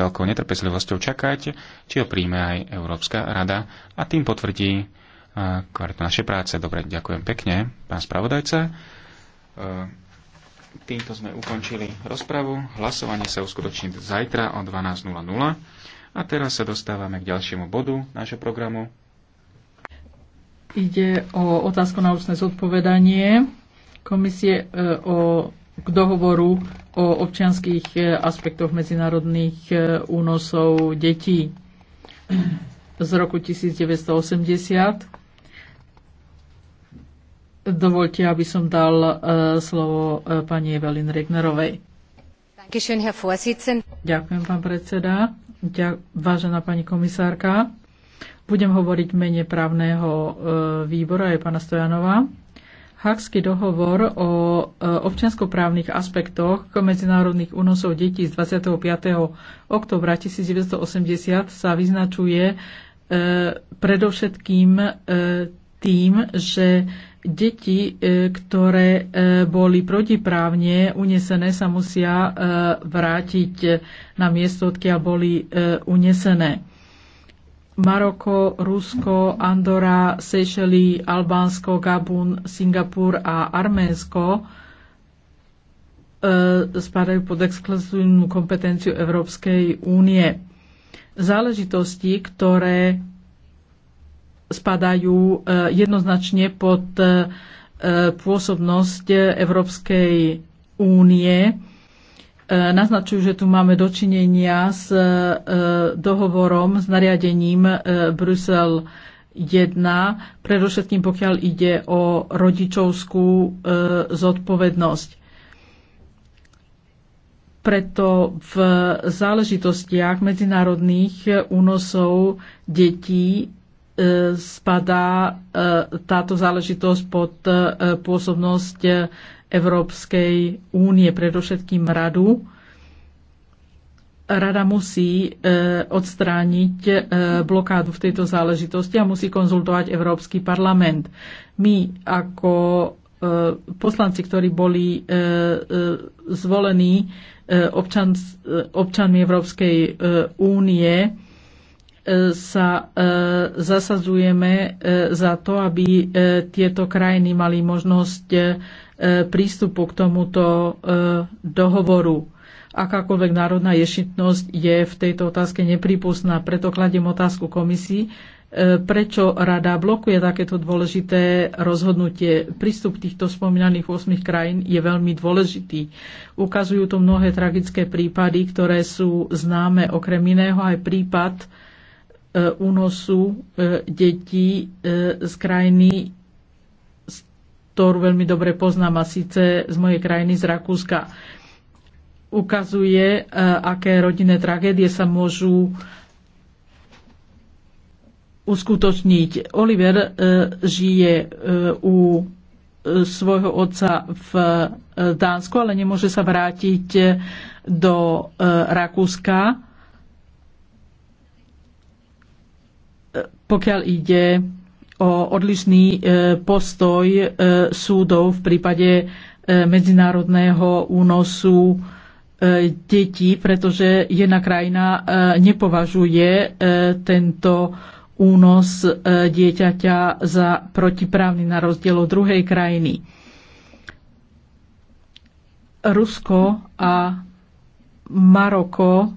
veľkou netrpezlivosťou čakať, či ho príjme aj Európska rada a tým potvrdí e, kvalitu našej práce. Dobre, ďakujem pekne, pán spravodajca. E, týmto sme ukončili rozpravu. Hlasovanie sa uskutoční zajtra o 12.00. A teraz sa dostávame k ďalšiemu bodu nášho programu. Ide o otázku na ústne zodpovedanie komisie e, o k dohovoru o občianských e, aspektoch medzinárodných e, únosov detí z roku 1980. Dovolte, aby som dal e, slovo pani Evelyn Regnerovej. Ďakujem, pán predseda. Vážená pani komisárka, budem hovoriť mene právneho výbora aj pána Stojanova. Hakský dohovor o e, občianskoprávnych aspektoch medzinárodných únosov detí z 25. oktobra 1980 sa vyznačuje e, predovšetkým e, tým, že deti, ktoré boli protiprávne unesené, sa musia vrátiť na miesto, odkiaľ boli unesené. Maroko, Rusko, Andora, Seychely, Albánsko, Gabun, Singapur a Arménsko e, spadajú pod exkluzívnu kompetenciu Európskej únie. Záležitosti, ktoré spadajú e, jednoznačne pod e, pôsobnosť Európskej únie, E, naznačujú, že tu máme dočinenia s e, dohovorom, s nariadením e, Brusel 1, predovšetkým pokiaľ ide o rodičovskú zodpovednosť. Preto v záležitostiach medzinárodných únosov detí spadá táto záležitosť pod pôsobnosť Európskej únie, predovšetkým radu. Rada musí e, odstrániť e, blokádu v tejto záležitosti a musí konzultovať Európsky parlament. My ako e, poslanci, ktorí boli zvolení občan, občanmi Európskej únie, sa zasadzujeme za to, aby tieto krajiny mali možnosť E, prístupu k tomuto e, dohovoru. Akákoľvek národná ješitnosť je v tejto otázke neprípustná. Preto kladiem otázku komisii, e, prečo rada blokuje takéto dôležité rozhodnutie. Prístup týchto spomínaných 8 krajín je veľmi dôležitý. Ukazujú to mnohé tragické prípady, ktoré sú známe. Okrem iného aj prípad únosu detí z krajiny ktorú veľmi dobre poznám a síce z mojej krajiny, z Rakúska. Ukazuje, eh, aké rodinné tragédie sa môžu uskutočniť. Oliver eh, žije eh, u svojho otca v Dánsku, ale nemôže sa vrátiť do Rakúska, pokiaľ ide o odlišný e, postoj e, súdov v prípade e, medzinárodného únosu detí, pretože jedna krajina nepovažuje tento únos dieťaťa za protiprávny na rozdiel od druhej krajiny. Rusko a Maroko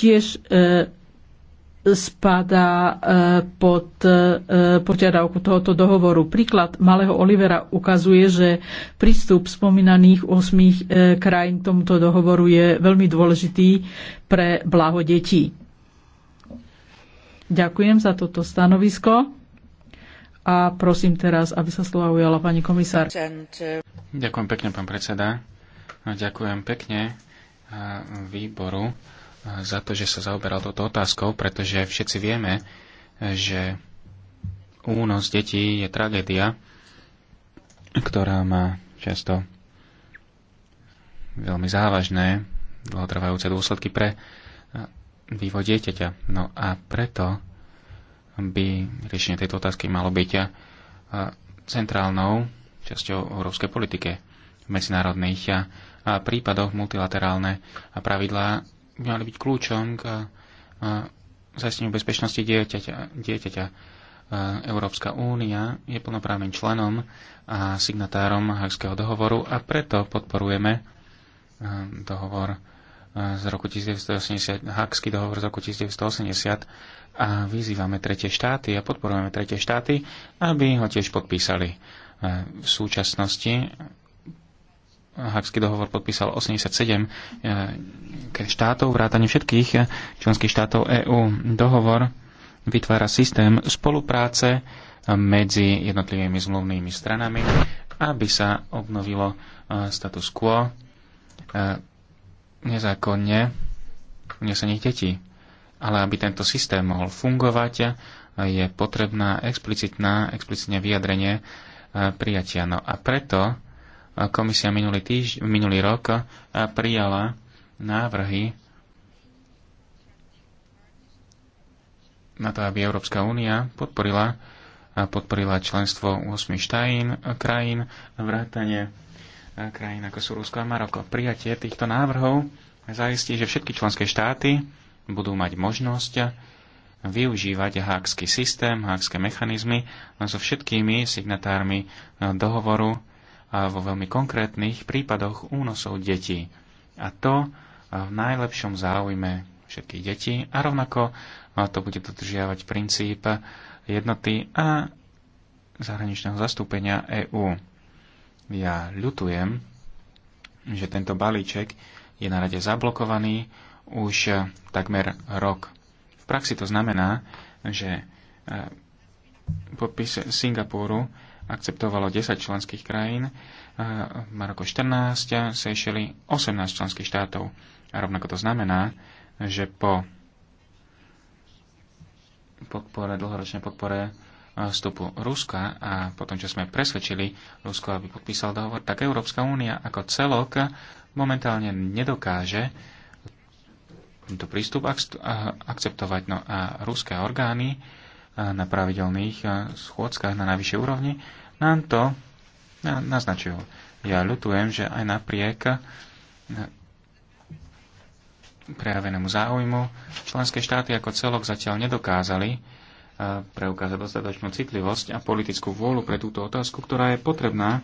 tiež spadá e, pod e, požiadavku tohoto dohovoru. Príklad malého Olivera ukazuje, že prístup spomínaných osmých e, krajín k tomuto dohovoru je veľmi dôležitý pre blaho detí. Ďakujem za toto stanovisko a prosím teraz, aby sa slova ujala pani komisár. Ďakujem pekne, pán predseda. Ďakujem pekne výboru za to, že sa zaoberal touto otázkou, pretože všetci vieme, že únos detí je tragédia, ktorá má často veľmi závažné dlhotrvajúce dôsledky pre vývoj dieťaťa. No a preto by riešenie tejto otázky malo byť centrálnou časťou európskej politike. V medzinárodných prípadoch multilaterálne a pravidlá mali byť kľúčom k zaisteniu bezpečnosti dieťaťa. dieťaťa. Európska únia je plnoprávnym členom a signatárom Hagského dohovoru a preto podporujeme dohovor z roku 1980, Hagský dohovor z roku 1980 a vyzývame tretie štáty a podporujeme tretie štáty, aby ho tiež podpísali. V súčasnosti Hagský dohovor podpísal 87 eh, štátov, vrátane všetkých eh, členských štátov EÚ. Dohovor vytvára systém spolupráce eh, medzi jednotlivými zmluvnými stranami, aby sa obnovilo status quo nezákonne unesených detí. Ale aby tento systém mohol fungovať, je potrebná explicitná, explicitne vyjadrenie prijatia. No a preto komisia minulý, týž, minulý rok e, prijala návrhy na to, aby Európska únia podporila, e, podporila členstvo 8 štajín, e, krajín, vrátanie krajín ako sú Rusko a Maroko. Prijatie týchto návrhov zaistí, že všetky členské štáty budú mať možnosť využívať hákský systém, hákské mechanizmy so všetkými signatármi dohovoru a vo veľmi konkrétnych prípadoch únosov detí. A to v najlepšom záujme všetkých detí a rovnako to bude dodržiavať princíp jednoty a zahraničného zastúpenia EÚ. Ja ľutujem, že tento balíček je na rade zablokovaný už takmer rok. V praxi to znamená, že e, podpis Singapúru akceptovalo 10 členských krajín, Maroko 14, Seychely 18 členských štátov. A rovnako to znamená, že po podpore, dlhoročnej podpore vstupu Ruska a potom, čo sme presvedčili Rusko, aby podpísal dohovor, tak Európska únia ako celok momentálne nedokáže tento prístup akceptovať. No a ruské orgány na pravidelných e, schôdzkach na najvyššej úrovni, nám to e, naznačujú. Ja ľutujem, že aj napriek e, prejavenému záujmu členské štáty ako celok zatiaľ nedokázali preukázať dostatočnú citlivosť a politickú vôľu pre túto otázku, ktorá je potrebná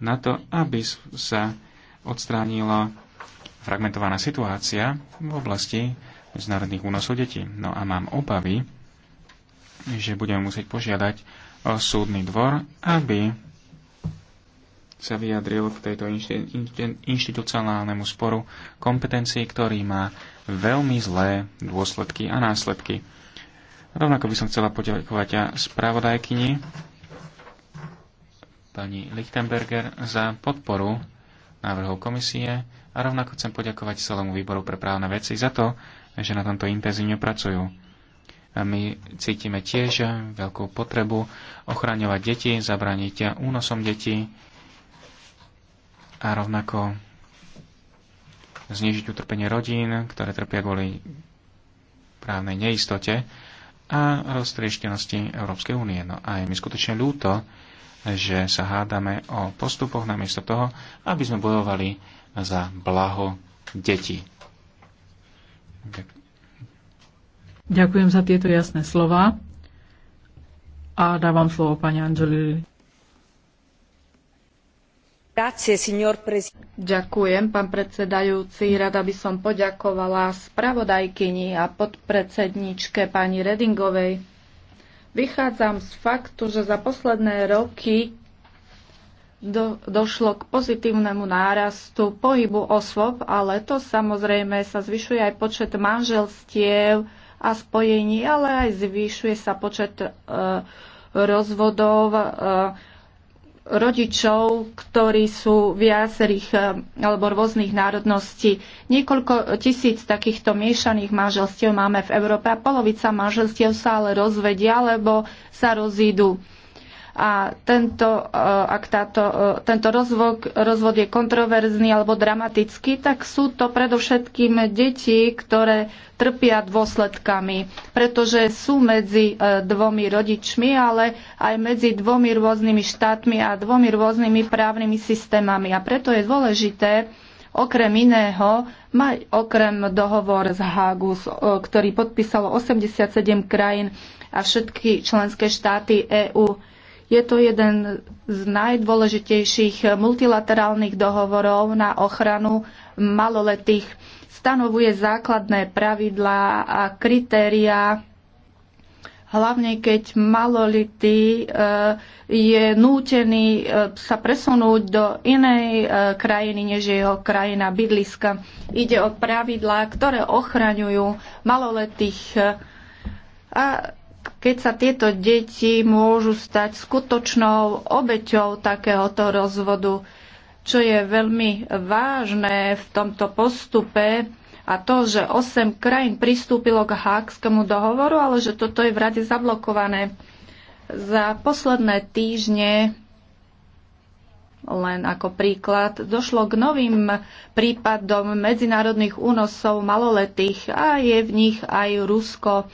na to, aby sa odstránila fragmentovaná situácia v oblasti medzinárodných únosov detí. No a mám obavy, že budeme musieť požiadať o súdny dvor, aby sa vyjadril k tejto inštitucionálnemu sporu kompetencií, ktorý má veľmi zlé dôsledky a následky. Rovnako by som chcela poďakovať a spravodajkyni pani Lichtenberger za podporu návrhov komisie a rovnako chcem poďakovať celému výboru pre právne veci za to, že na tomto intenzívne pracujú my cítime tiež veľkú potrebu ochraňovať deti, zabraniť únosom detí a rovnako znižiť utrpenie rodín, ktoré trpia kvôli právnej neistote a roztrieštenosti Európskej únie. No a je mi skutočne ľúto, že sa hádame o postupoch namiesto toho, aby sme bojovali za blaho detí. Ďakujem. Ďakujem za tieto jasné slova a dávam slovo pani Angeli. Ďakujem, pán predsedajúci. Rada by som poďakovala spravodajkyni a podpredsedničke pani Redingovej. Vychádzam z faktu, že za posledné roky do, došlo k pozitívnemu nárastu pohybu osôb, ale to samozrejme sa zvyšuje aj počet manželstiev, a spojení, ale aj zvyšuje sa počet e, rozvodov e, rodičov, ktorí sú viacerých e, alebo rôznych národností. Niekoľko tisíc takýchto miešaných manželstiev máme v Európe a polovica manželstiev sa ale rozvedia alebo sa rozídu a tento, eh, ak táto, eh, tento rozvod, rozvod je kontroverzný alebo dramatický, tak sú to predovšetkým deti, ktoré trpia dôsledkami, pretože sú medzi eh, dvomi rodičmi, ale aj medzi dvomi rôznymi štátmi a dvomi rôznymi právnymi systémami. A preto je dôležité, okrem iného, mať okrem dohovor z Hagu, ktorý podpísalo 87 krajín a všetky členské štáty EÚ je to jeden z najdôležitejších multilaterálnych dohovorov na ochranu maloletých. Stanovuje základné pravidlá a kritériá, hlavne keď maloletý eh, je nútený eh, sa presunúť do inej eh, krajiny, než jeho krajina bydliska. Ide o pravidlá, ktoré ochraňujú maloletých a keď sa tieto deti môžu stať skutočnou obeťou takéhoto rozvodu, čo je veľmi vážne v tomto postupe a to, že 8 krajín pristúpilo k Hákskému dohovoru, ale že toto je v rade zablokované. Za posledné týždne len ako príklad, došlo k novým prípadom medzinárodných únosov maloletých a je v nich aj Rusko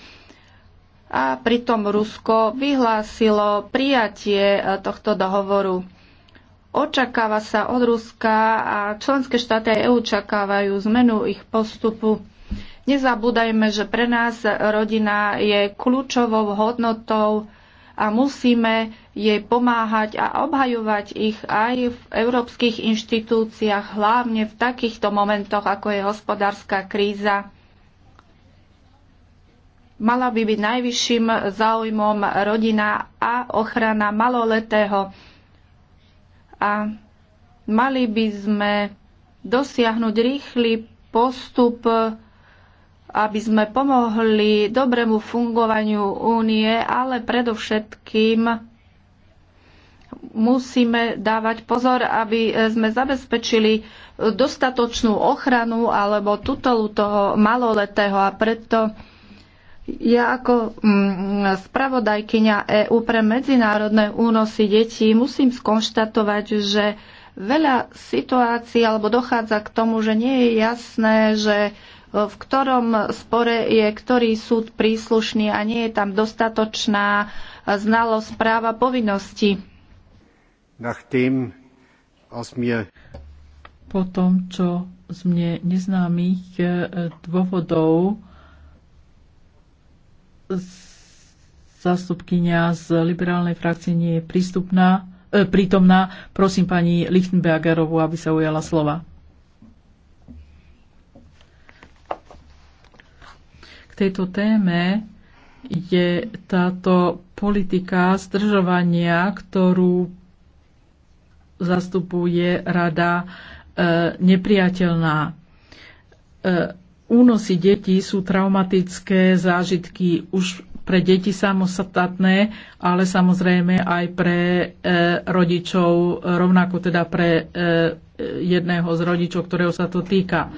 a pritom Rusko vyhlásilo prijatie e, tohto dohovoru. Očakáva sa od Ruska a členské štáty aj EU čakávajú zmenu ich postupu. Nezabúdajme, že pre nás rodina je kľúčovou hodnotou a musíme jej pomáhať a obhajovať ich aj v európskych inštitúciách, hlavne v takýchto momentoch, ako je hospodárska kríza mala by byť najvyšším záujmom rodina a ochrana maloletého. A mali by sme dosiahnuť rýchly postup, aby sme pomohli dobrému fungovaniu únie, ale predovšetkým musíme dávať pozor, aby sme zabezpečili dostatočnú ochranu alebo tutelu toho maloletého a preto ja ako mm, spravodajkyňa EÚ pre medzinárodné únosy detí musím skonštatovať, že veľa situácií alebo dochádza k tomu, že nie je jasné, že e, v ktorom spore je ktorý súd príslušný a nie je tam dostatočná e, znalosť práva povinnosti. Po tom, čo z mne neznámych e, dôvodov zástupkynia z liberálnej frakcie nie je prístupná, e, prítomná. Prosím pani Lichtenbergerovú, aby sa ujala slova. K tejto téme je táto politika zdržovania, ktorú zastupuje rada, e, nepriateľná. E, únosy detí sú traumatické zážitky už pre deti samostatné, ale samozrejme aj pre e, rodičov, rovnako teda pre e, jedného z rodičov, ktorého sa to týka.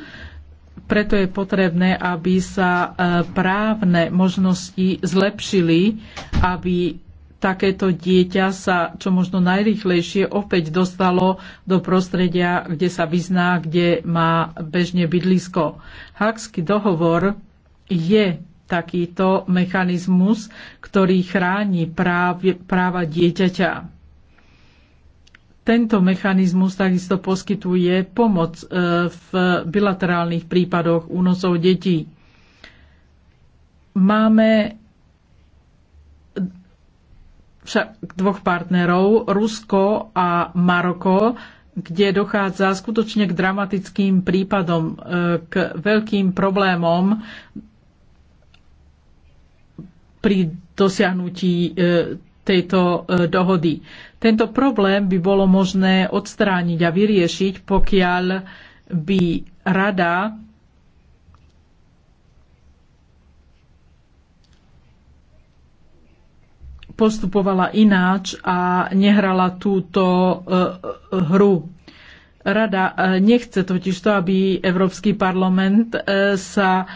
Preto je potrebné, aby sa e, právne možnosti zlepšili, aby takéto dieťa sa čo možno najrychlejšie opäť dostalo do prostredia, kde sa vyzná, kde má bežne bydlisko. Hakský dohovor je takýto mechanizmus, ktorý chráni práv, práva dieťaťa. Tento mechanizmus takisto poskytuje pomoc e, v bilaterálnych prípadoch únosov detí. Máme však dvoch partnerov, Rusko a Maroko, kde dochádza skutočne k dramatickým prípadom, e, k veľkým problémom pri dosiahnutí e, tejto e, dohody. Tento problém by bolo možné odstrániť a vyriešiť, pokiaľ by rada postupovala ináč a nehrala túto e, hru. Rada e, nechce totiž to, aby Európsky parlament e, sa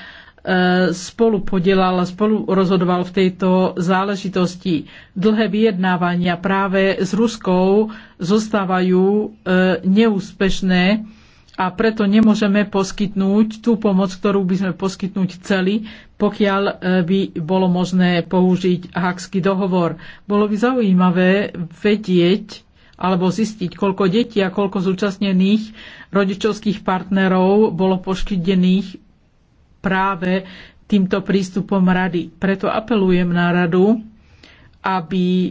spolu podielal a spolu rozhodoval v tejto záležitosti. Dlhé vyjednávania práve s Ruskou zostávajú neúspešné a preto nemôžeme poskytnúť tú pomoc, ktorú by sme poskytnúť chceli, pokiaľ e, by bolo možné použiť Hakský dohovor. Bolo by zaujímavé vedieť alebo zistiť, koľko detí a koľko zúčastnených rodičovských partnerov bolo poškodených práve týmto prístupom rady. Preto apelujem na radu, aby e,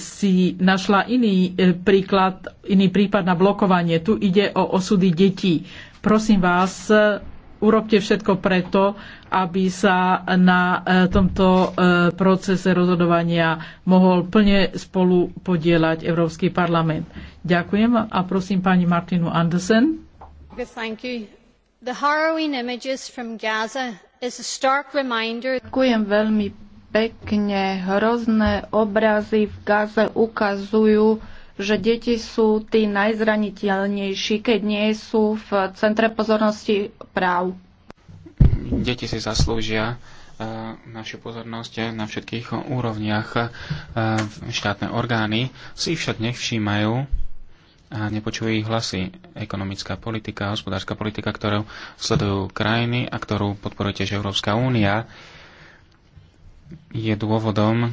si našla iný e, príklad, iný prípad na blokovanie. Tu ide o osudy detí. Prosím vás, e, urobte všetko preto, aby sa na tomto procese rozhodovania mohol plne spolu podielať Európsky parlament. Ďakujem a prosím pani Martinu Andersen. Ďakujem veľmi pekne. Hrozné obrazy v Gaze ukazujú, že deti sú tí najzraniteľnejší, keď nie sú v centre pozornosti práv. Deti si zaslúžia e, našu pozornosť na všetkých úrovniach. E, štátne orgány si však nevšímajú a nepočujú ich hlasy. Ekonomická politika, hospodárska politika, ktorú sledujú krajiny a ktorú podporuje tiež Európska únia, je dôvodom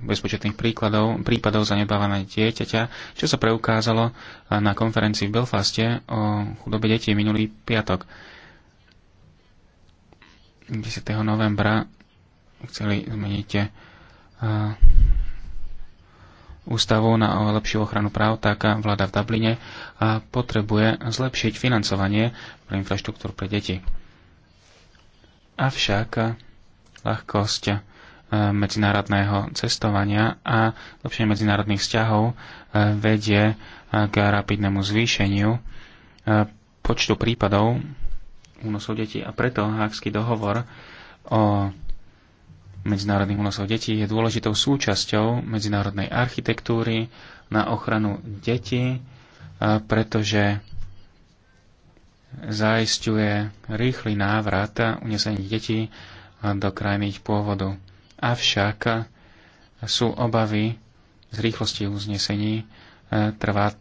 bezpočetných príkladov, prípadov zanedbávané dieťaťa, čo sa preukázalo na konferencii v Belfaste o chudobe detí minulý piatok. 10. novembra chceli zmeniť eh, ústavu na lepšiu ochranu práv, tak vláda v Dubline eh, potrebuje zlepšiť financovanie pre infraštruktúru pre deti. Avšak eh, ľahkosť E, medzinárodného cestovania a lepšie medzinárodných vzťahov e, vedie e, k rapidnému zvýšeniu počtu prípadov únosov detí a preto Hákský dohovor o medzinárodných únosov detí je dôležitou súčasťou medzinárodnej architektúry na ochranu detí, pretože zaisťuje rýchly návrat unesených detí do krajných pôvodu avšak sú obavy z rýchlosti uznesení e, trvá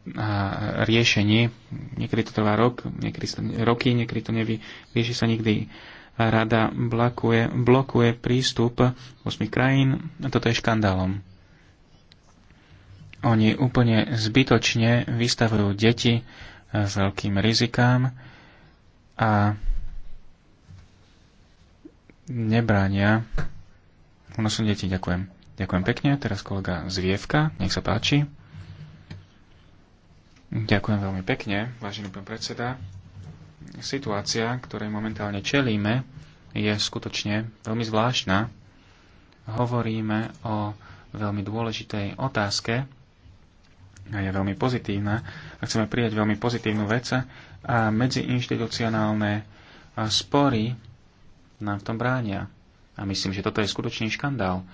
riešenie. Niekedy to trvá rok, niekedy to, roky, niekedy to nevy, rieši sa nikdy. Rada blokuje, blokuje prístup 8 krajín a toto je škandálom. Oni úplne zbytočne vystavujú deti e, s veľkým rizikám a nebránia u nás sú deti. Ďakujem. Ďakujem pekne. Teraz kolega Zvievka, nech sa páči. Ďakujem veľmi pekne, vážený pán predseda. Situácia, ktorej momentálne čelíme, je skutočne veľmi zvláštna. Hovoríme o veľmi dôležitej otázke a je veľmi pozitívna. A chceme prijať veľmi pozitívnu vec a medziinštitucionálne spory nám v tom bránia. A myslím, že toto je skutočný škandál.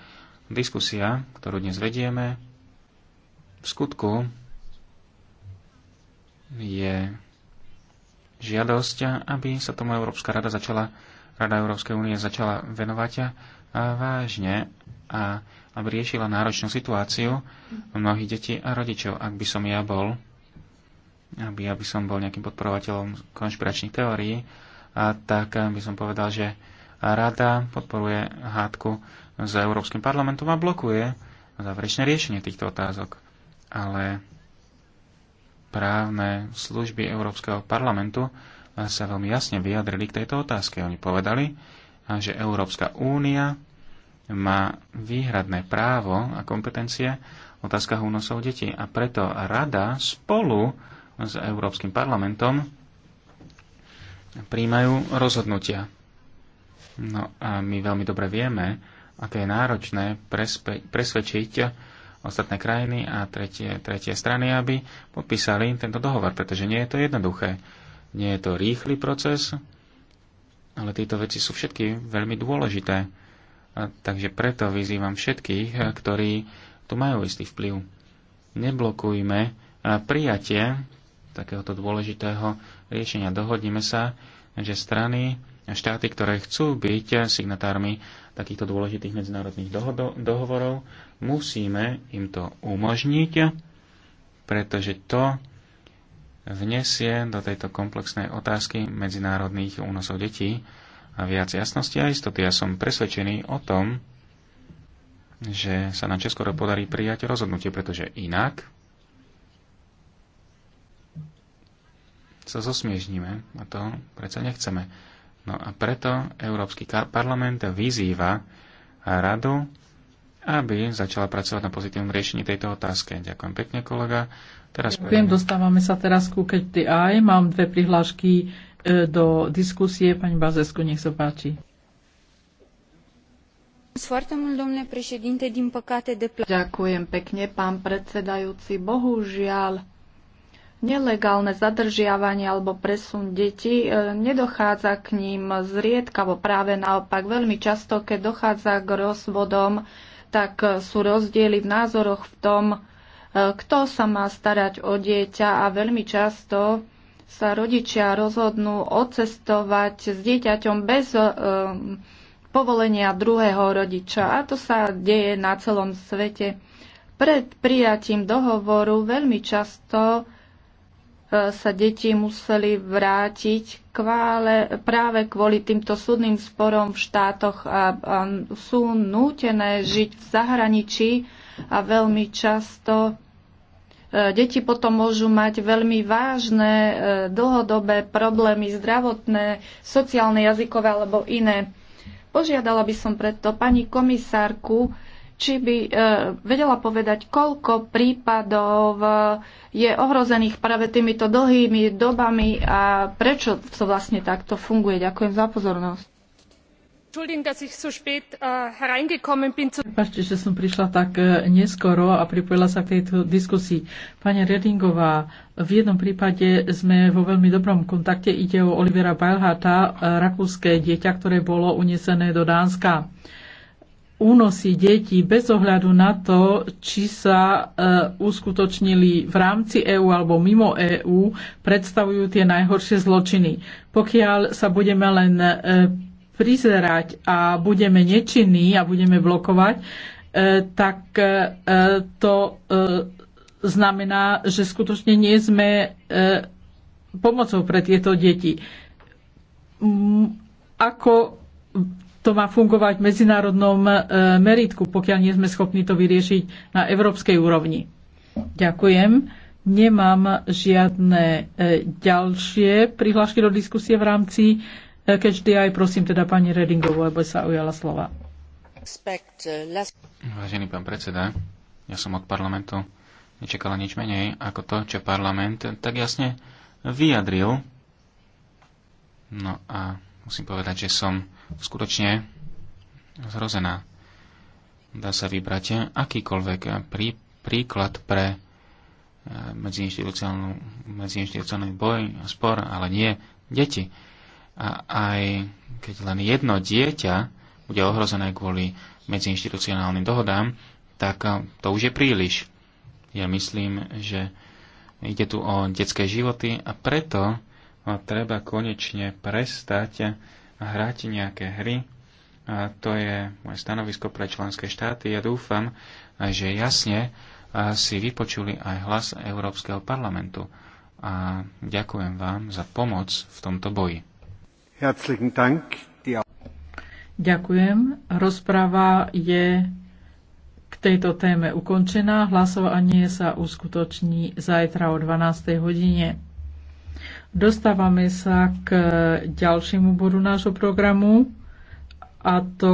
Diskusia, ktorú dnes vedieme, v skutku je žiadosť, aby sa tomu Európska rada začala, Rada Európskej únie začala venovať a vážne a aby riešila náročnú situáciu mnohých detí a rodičov. Ak by som ja bol, aby, aby som bol nejakým podporovateľom konšpiračných teórií, a tak by som povedal, že rada podporuje hádku s Európskym parlamentom a blokuje záverečné riešenie týchto otázok. Ale právne služby Európskeho parlamentu sa veľmi jasne vyjadrili k tejto otázke. Oni povedali, že Európska únia má výhradné právo a kompetencie v otázkach únosov detí a preto rada spolu s Európskym parlamentom príjmajú rozhodnutia. No a my veľmi dobre vieme, aké je náročné presvedčiť ostatné krajiny a tretie, tretie strany, aby podpísali tento dohovor, pretože nie je to jednoduché. Nie je to rýchly proces, ale tieto veci sú všetky veľmi dôležité. A takže preto vyzývam všetkých, ktorí tu majú istý vplyv. Neblokujme prijatie takéhoto dôležitého riešenia. Dohodnime sa, že strany štáty, ktoré chcú byť signatármi takýchto dôležitých medzinárodných dohovorov, musíme im to umožniť, pretože to vnesie do tejto komplexnej otázky medzinárodných únosov detí a viac jasnosti a istoty. Ja som presvedčený o tom, že sa nám čoskoro podarí prijať rozhodnutie, pretože inak sa zosmiežníme a to predsa nechceme. No a preto Európsky parlament vyzýva radu, aby začala pracovať na pozitívnom riešení tejto otázky. Ďakujem pekne, kolega. Teraz Ďakujem, dostávame sa teraz ku aj. Mám dve prihlášky e, do diskusie. Pani Bazesku, nech sa páči. Ďakujem pekne, pán predsedajúci. Bohužiaľ, nelegálne zadržiavanie alebo presun detí, e, nedochádza k ním zriedkavo, práve naopak veľmi často, keď dochádza k rozvodom, tak sú rozdiely v názoroch v tom, e, kto sa má starať o dieťa a veľmi často sa rodičia rozhodnú odcestovať s dieťaťom bez e, povolenia druhého rodiča. A to sa deje na celom svete. Pred prijatím dohovoru veľmi často sa deti museli vrátiť kvále, práve kvôli týmto súdnym sporom v štátoch a, a sú nútené žiť v zahraničí a veľmi často e, deti potom môžu mať veľmi vážne e, dlhodobé problémy zdravotné, sociálne, jazykové alebo iné. Požiadala by som preto pani komisárku, či by e, vedela povedať, koľko prípadov e, je ohrozených práve týmito dlhými dobami a prečo to vlastne takto funguje. Ďakujem za pozornosť. Äh, Prepačte, že som prišla tak e, neskoro a pripojila sa k tejto diskusii. Pani Redingová, v jednom prípade sme vo veľmi dobrom kontakte. Ide o Olivera Bajlhata, rakúske dieťa, ktoré bolo unesené do Dánska únosy detí bez ohľadu na to, či sa e, uskutočnili v rámci EÚ alebo mimo EÚ, predstavujú tie najhoršie zločiny. Pokiaľ sa budeme len e, prizerať a budeme nečinní a budeme blokovať, e, tak e, to e, znamená, že skutočne nie sme e, pomocou pre tieto deti. Ako to má fungovať v medzinárodnom e, meritku, pokiaľ nie sme schopní to vyriešiť na európskej úrovni. Ďakujem. Nemám žiadne e, ďalšie prihlášky do diskusie v rámci Každý e, aj prosím teda pani Redingovú, aby sa ujala slova. Vážený pán predseda, ja som od parlamentu nečakala nič menej ako to, čo parlament tak jasne vyjadril. No a musím povedať, že som skutočne zhrozená. Dá sa vybrať akýkoľvek prí, príklad pre eh, medziinstitucionálny boj a spor, ale nie deti. A aj keď len jedno dieťa bude ohrozené kvôli medziinštitucionálnym dohodám, tak eh, to už je príliš. Ja myslím, že ide tu o detské životy a preto a treba konečne prestať hrať nejaké hry. A to je moje stanovisko pre členské štáty. Ja dúfam, že jasne si vypočuli aj hlas Európskeho parlamentu. A ďakujem vám za pomoc v tomto boji. Ďakujem. Rozprava je k tejto téme ukončená. Hlasovanie sa uskutoční zajtra o 12. hodine. Dostávame sa k ďalšiemu bodu nášho programu a to